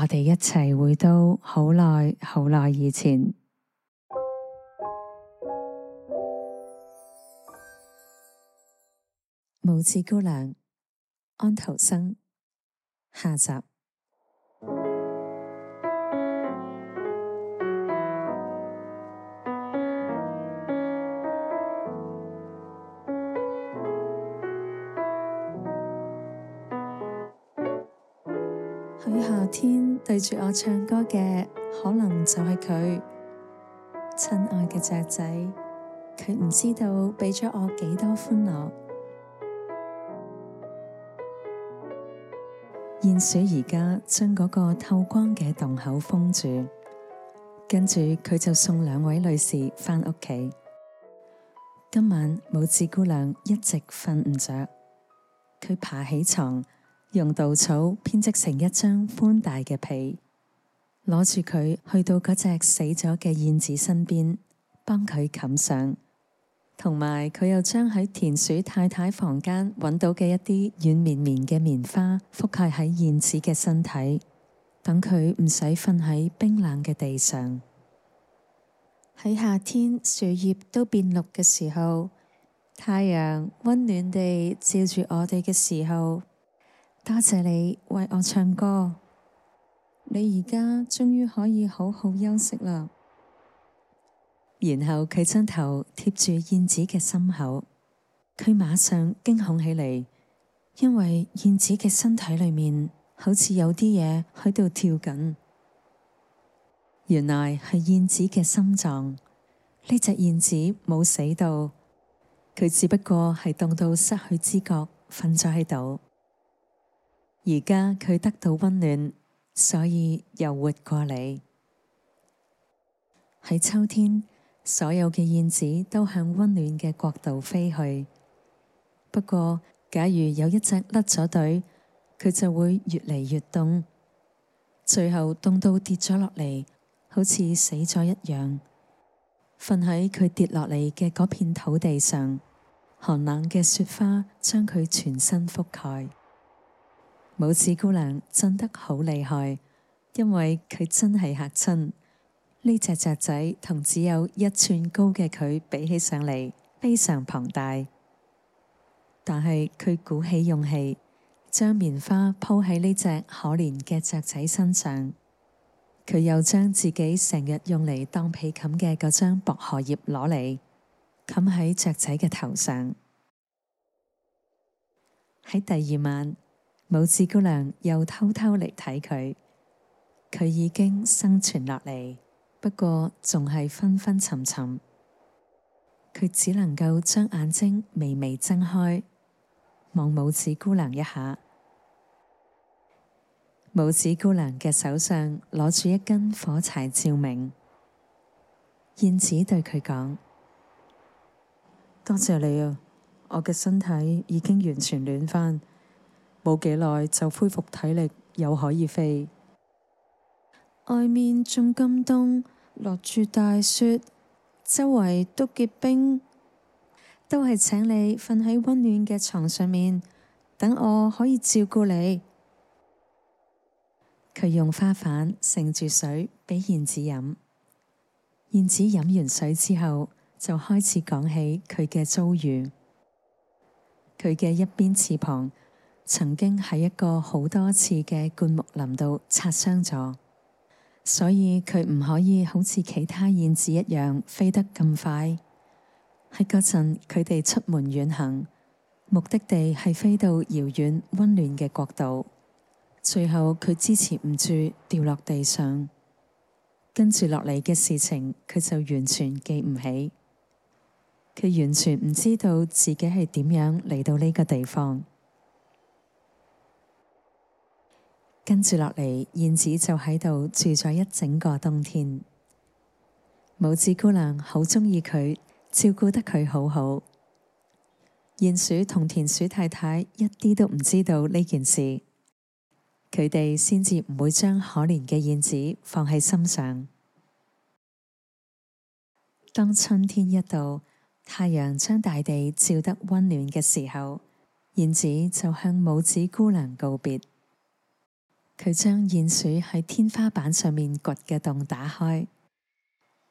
我哋一齊回到好耐好耐以前，《拇指姑娘》安徒生下集。喺夏天對住我唱歌嘅，可能就係佢。親愛嘅雀仔，佢唔知道畀咗我幾多歡樂。鼹鼠而家將嗰個透光嘅洞口封住，跟住佢就送兩位女士返屋企。今晚拇指姑娘一直瞓唔着，佢爬起床，用稻草編織成一張寬大嘅被，攞住佢去到嗰隻死咗嘅燕子身邊，幫佢冚上。同埋佢又將喺田鼠太太房間揾到嘅一啲軟綿綿嘅棉花覆蓋喺燕子嘅身體，等佢唔使瞓喺冰冷嘅地上。喺夏天，樹葉都變綠嘅時候，太陽溫暖地照住我哋嘅時候。多謝你為我唱歌，你而家終於可以好好休息啦。然後佢將頭貼住燕子嘅心口，佢馬上驚恐起嚟，因為燕子嘅身體裏面好似有啲嘢喺度跳緊。原來係燕子嘅心臟，呢隻燕子冇死到，佢只不過係凍到失去知覺，瞓咗喺度。而家佢得到溫暖，所以又活過嚟。喺秋天，所有嘅燕子都向溫暖嘅國度飛去。不過，假如有一隻甩咗隊，佢就會越嚟越凍，最後凍到跌咗落嚟，好似死咗一樣，瞓喺佢跌落嚟嘅嗰片土地上。寒冷嘅雪花將佢全身覆蓋。拇指姑娘震得好厲害，因為佢真係嚇親呢隻雀仔，同只有一寸高嘅佢比起上嚟非常龐大。但係佢鼓起勇氣，將棉花鋪喺呢隻可憐嘅雀仔身上。佢又將自己成日用嚟當被冚嘅嗰張薄荷葉攞嚟，冚喺雀仔嘅頭上。喺第二晚。拇指姑娘又偷偷嚟睇佢，佢已經生存落嚟，不過仲係昏昏沉沉。佢只能夠將眼睛微微睜開，望拇指姑娘一下。拇指姑娘嘅手上攞住一根火柴照明，燕子對佢講：多謝你啊，我嘅身體已經完全暖翻。冇幾耐就恢復體力，又可以飛。外面仲咁凍，落住大雪，周圍都結冰，都係請你瞓喺温暖嘅床上面，等我可以照顧你。佢用花瓣盛住水畀燕子飲，燕子飲完水之後，就開始講起佢嘅遭遇。佢嘅一邊翅膀。曾經喺一個好多次嘅灌木林度擦傷咗，所以佢唔可以好似其他燕子一樣飛得咁快。喺嗰陣，佢哋出門遠行，目的地係飛到遙遠温暖嘅國度。最後，佢支持唔住掉落地上，跟住落嚟嘅事情，佢就完全記唔起，佢完全唔知道自己係點樣嚟到呢個地方。跟住落嚟，燕子就喺度住咗一整個冬天。拇指姑娘好鍾意佢，照顧得佢好好。鼴鼠同田鼠太太一啲都唔知道呢件事，佢哋先至唔會將可憐嘅燕子放喺心上。當春天一到，太陽將大地照得溫暖嘅時候，燕子就向拇指姑娘告別。佢將鼴鼠喺天花板上面掘嘅洞打開，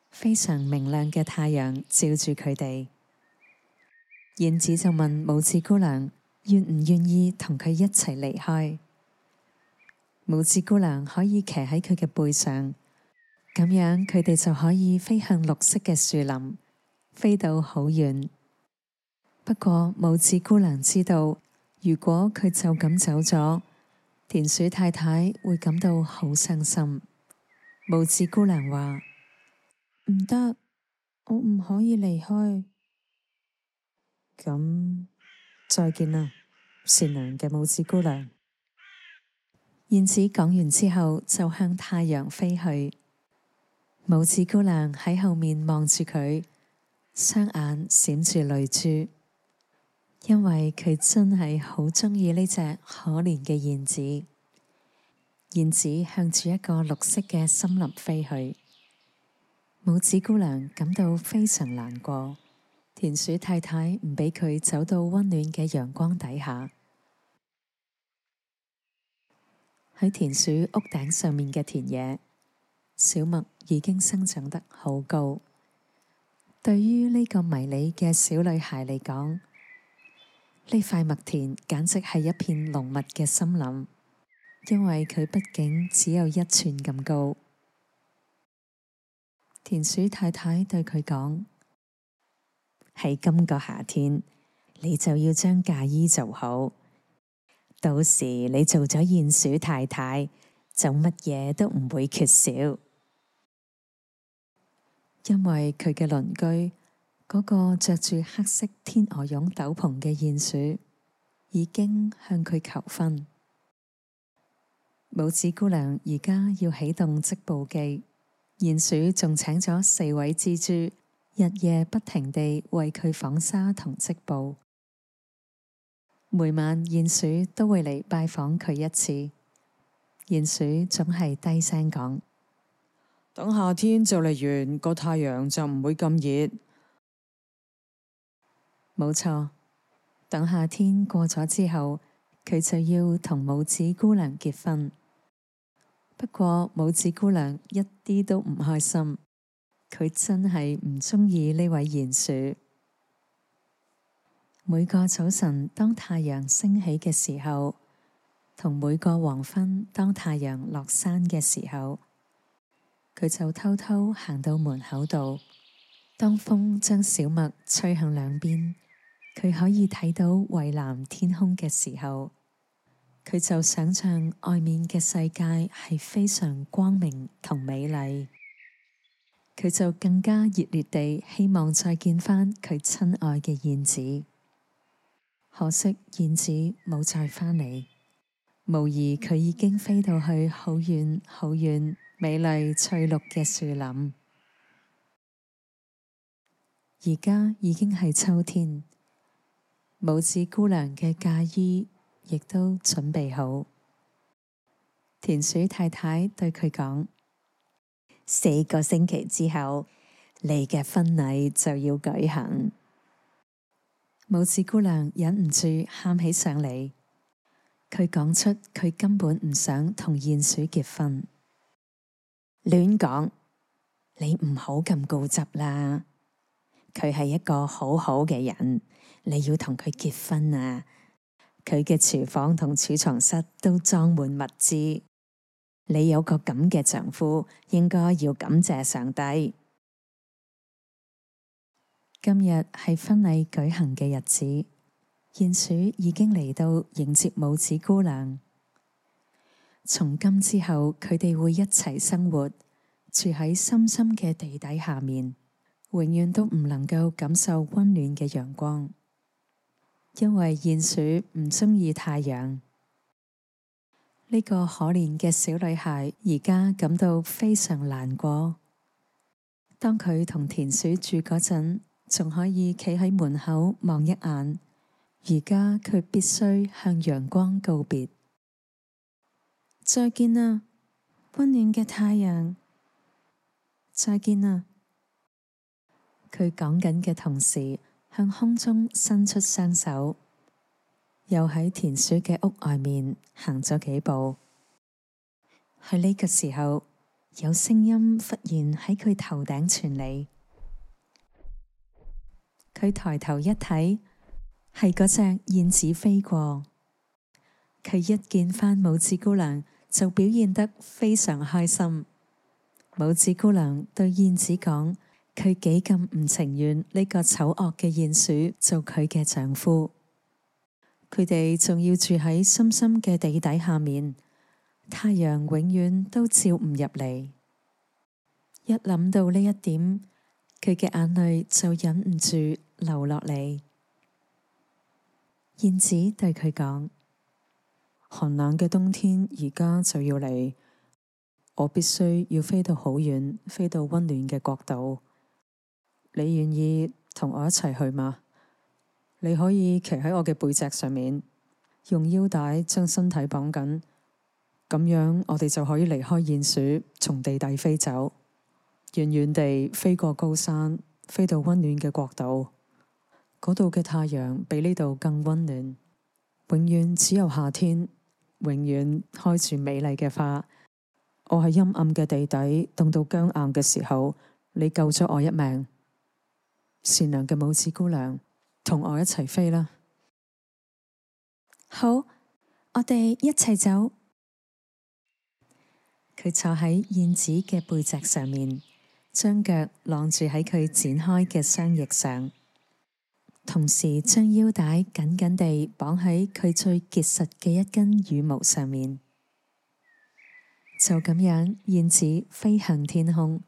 非常明亮嘅太陽照住佢哋。燕子就問拇指姑娘願唔願意同佢一齊離開？拇指姑娘可以騎喺佢嘅背上，咁樣佢哋就可以飛向綠色嘅樹林，飛到好遠。不過拇指姑娘知道，如果佢就咁走咗，田鼠太太會感到好傷心。拇指姑娘話，唔得，我唔可以離開。咁再見啦，善良嘅拇指姑娘。燕子講完之後，就向太陽飛去。拇指姑娘喺後面望住佢，雙眼閃住淚珠。因為佢真係好鍾意呢隻可憐嘅燕子，燕子向住一個綠色嘅森林飛去。拇指姑娘感到非常難過。田鼠太太唔畀佢走到溫暖嘅陽光底下。喺田鼠屋頂上面嘅田野，小麥已經生長得好高。對於呢個迷你嘅小女孩嚟講，呢塊麥田簡直係一片濃密嘅森林，因為佢畢竟只有一寸咁高。田鼠太太對佢講：喺今個夏天，你就要將嫁衣做好，到時你做咗鼴鼠太太，就乜嘢都唔會缺少，因為佢嘅鄰居。嗰個着住黑色天鵝絨斗篷嘅鼴鼠已經向佢求婚。拇指姑娘而家要啟動織布機，鼴鼠仲請咗四位蜘蛛日夜不停地為佢紡紗同織布。每晚鼴鼠都會嚟拜訪佢一次。鼴鼠總係低聲講：「等夏天就嚟完，個太陽就唔會咁熱。冇錯，等夏天過咗之後，佢就要同拇指姑娘結婚。不過拇指姑娘一啲都唔開心，佢真係唔中意呢位鼴鼠。每個早晨，當太陽升起嘅時候，同每個黃昏，當太陽落山嘅時候，佢就偷偷行到門口度，當風將小麥吹向兩邊。佢可以睇到蔚藍天空嘅時候，佢就想象外面嘅世界係非常光明同美麗。佢就更加熱烈地希望再見返佢親愛嘅燕子。可惜燕子冇再返嚟，無疑佢已經飛到去好遠、好遠、美麗翠綠嘅樹林。而家已經係秋天。拇指姑娘嘅嫁衣亦都準備好，田鼠太太對佢講：四個星期之後，你嘅婚禮就要舉行。拇指姑娘忍唔住喊起上嚟，佢講出佢根本唔想同鼹鼠結婚。亂講，你唔好咁固執啦！佢係一個好好嘅人，你要同佢結婚啊！佢嘅廚房同儲藏室都裝滿物資，你有個咁嘅丈夫，應該要感謝上帝。今日係婚禮舉行嘅日子，鼹鼠已經嚟到迎接拇指姑娘。從今之後，佢哋會一齊生活，住喺深深嘅地底下面。永遠都唔能夠感受溫暖嘅陽光，因為鼹鼠唔鍾意太陽。呢個可憐嘅小女孩而家感到非常難過。當佢同田鼠住嗰陣，仲可以企喺門口望一眼，而家佢必須向陽光告別。再見啦，溫暖嘅太陽！再見啦。佢講緊嘅同時，向空中伸出雙手，又喺田鼠嘅屋外面行咗幾步。喺呢個時候，有聲音忽然喺佢頭頂傳嚟。佢抬頭一睇，係嗰隻燕子飛過。佢一見返拇指姑娘，就表現得非常開心。拇指姑娘對燕子講：佢幾咁唔情願呢個醜惡嘅鼹鼠做佢嘅丈夫，佢哋仲要住喺深深嘅地底下面，太陽永遠都照唔入嚟。一諗到呢一點，佢嘅眼淚就忍唔住流落嚟。燕子對佢講：寒冷嘅冬天而家就要嚟，我必須要飛到好遠，飛到温暖嘅國度。你願意同我一齊去嗎？你可以騎喺我嘅背脊上面，用腰帶將身體綁緊，咁樣我哋就可以離開鼴鼠，從地底飛走，遠遠地飛過高山，飛到溫暖嘅國度。嗰度嘅太陽比呢度更溫暖，永遠只有夏天，永遠開住美麗嘅花。我喺陰暗嘅地底凍到僵硬嘅時候，你救咗我一命。善良嘅拇指姑娘，同我一齊飛啦！好，我哋一齊走。佢坐喺燕子嘅背脊上面，將腳晾住喺佢展開嘅雙翼上，同時將腰帶緊緊地綁喺佢最結實嘅一根羽毛上面。就咁樣，燕子飛向天空。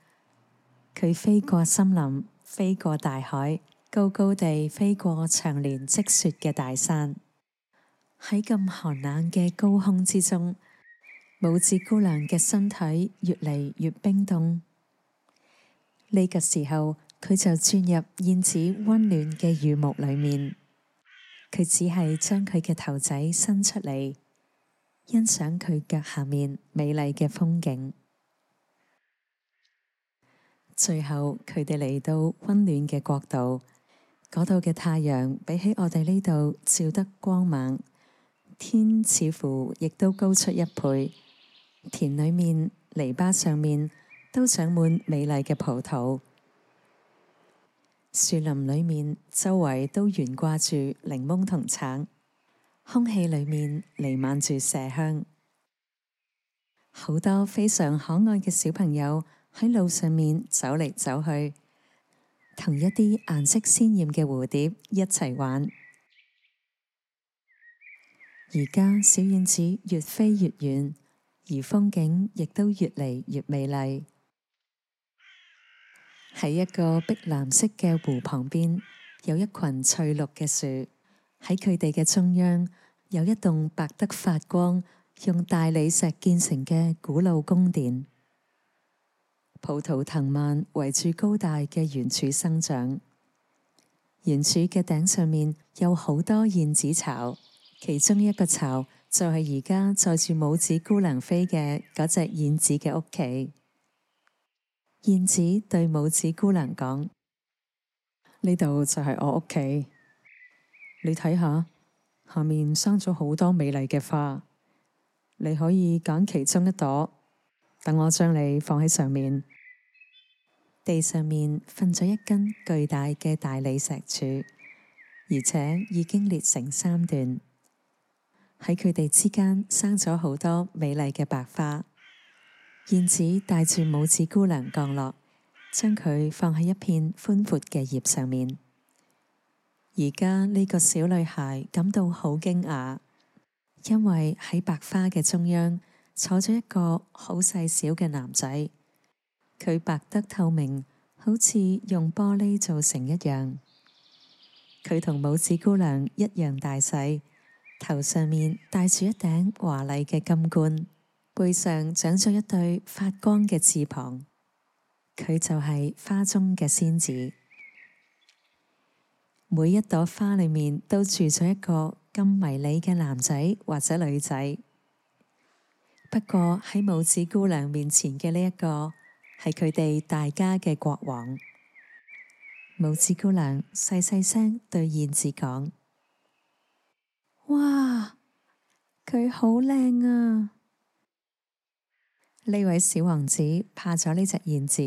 佢飛過森林。飛過大海，高高地飛過長年積雪嘅大山。喺咁寒冷嘅高空之中，拇指姑娘嘅身體越嚟越冰凍。呢、這個時候，佢就鑽入燕子溫暖嘅羽毛裏面。佢只係將佢嘅頭仔伸出嚟，欣賞佢腳下面美麗嘅風景。最後佢哋嚟到溫暖嘅國度，嗰度嘅太陽比起我哋呢度照得光猛，天似乎亦都高出一倍。田裏面、籬笆上面都長滿美麗嘅葡萄，樹林裏面周圍都懸掛住檸檬同橙，空氣裏面彌漫住麝香，好多非常可愛嘅小朋友喺路上面走嚟走去，同一啲顏色鮮艷嘅蝴蝶一齊玩。而家小燕子越飛越遠，而風景亦都越嚟越美麗。喺一個碧藍色嘅湖旁邊，有一群翠綠嘅樹。喺佢哋嘅中央，有一棟白得發光、用大理石建成嘅古老宮殿。葡萄藤蔓圍住高大嘅圓柱生長，圓柱嘅頂上面有好多燕子巢，其中一個巢就係而家載住拇指姑娘飛嘅嗰隻燕子嘅屋企。燕子對拇指姑娘講：呢度就係我屋企，你睇下，下面生咗好多美麗嘅花，你可以揀其中一朵，等我將你放喺上面。地上面瞓咗一根巨大嘅大理石柱，而且已經裂成三段。喺佢哋之間生咗好多美麗嘅白花。燕子帶住拇指姑娘降落，將佢放喺一片寬闊嘅葉上面。而家呢個小女孩感到好驚訝，因為喺白花嘅中央坐咗一個好細小嘅男仔。佢白得透明，好似用玻璃做成一樣。佢同拇指姑娘一樣大細，頭上面戴住一頂華麗嘅金冠，背上長咗一對發光嘅翅膀。佢就係花中嘅仙子。每一朵花裏面都住咗一個咁迷你嘅男仔或者女仔，不過喺拇指姑娘面前嘅呢一個係佢哋大家嘅國王，拇指姑娘細細聲對燕子講：哇，佢好靚啊！呢位小王子怕咗呢隻燕子，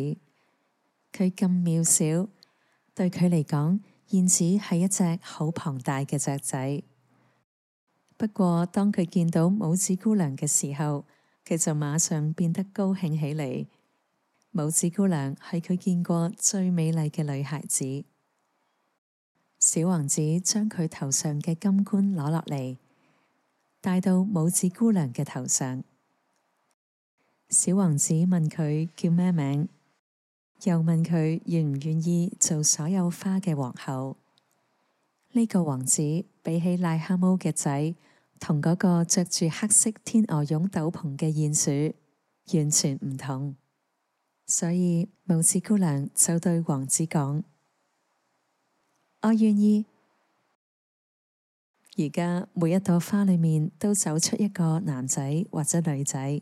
佢咁渺小，對佢嚟講，燕子係一隻好龐大嘅雀仔。不過當佢見到拇指姑娘嘅時候，佢就馬上變得高興起嚟。拇指姑娘係佢見過最美麗嘅女孩子。小王子將佢頭上嘅金冠攞落嚟，戴到拇指姑娘嘅頭上。小王子問佢叫咩名，又問佢願唔願意做所有花嘅皇后？呢個王子比起癩蛤蟆嘅仔，同嗰個着住黑色天鵝絨斗篷嘅鼴鼠，完全唔同。所以，拇指姑娘就對王子講：我願意。而家每一朵花裏面都走出一個男仔或者女仔，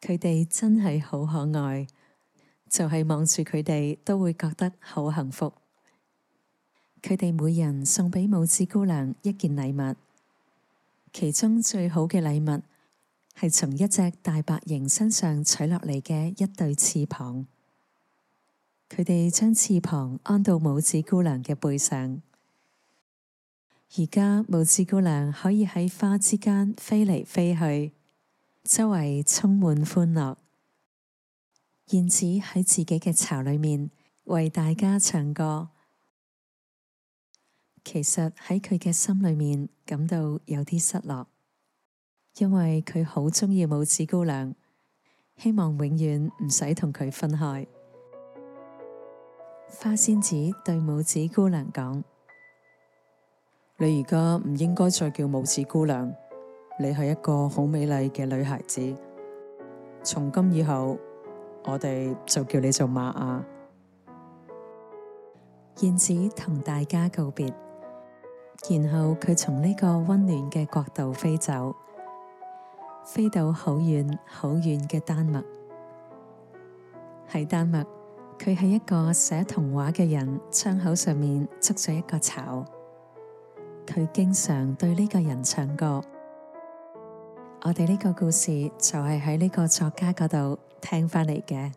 佢哋真係好可愛，就係、是、望住佢哋都會覺得好幸福。佢哋每人送畀拇指姑娘一件禮物，其中最好嘅禮物。係從一隻大白蠅身上取落嚟嘅，一對翅膀，佢哋將翅膀安到拇指姑娘嘅背上。而家拇指姑娘可以喺花之間飛嚟飛去，周圍充滿歡樂。燕子喺自己嘅巢裏面為大家唱歌，其實喺佢嘅心裏面感到有啲失落。因為佢好鍾意拇指姑娘，希望永遠唔使同佢分開。花仙子對拇指姑娘講：你而家唔應該再叫拇指姑娘，你係一個好美麗嘅女孩子。從今以後，我哋就叫你做瑪亞。燕子同大家告別，然後佢從呢個溫暖嘅角度飛走。飛到好遠好遠嘅丹麥，喺丹麥，佢係一個寫童話嘅人，窗口上面築咗一個巢，佢經常對呢個人唱歌。我哋呢個故事就係喺呢個作家嗰度聽翻嚟嘅。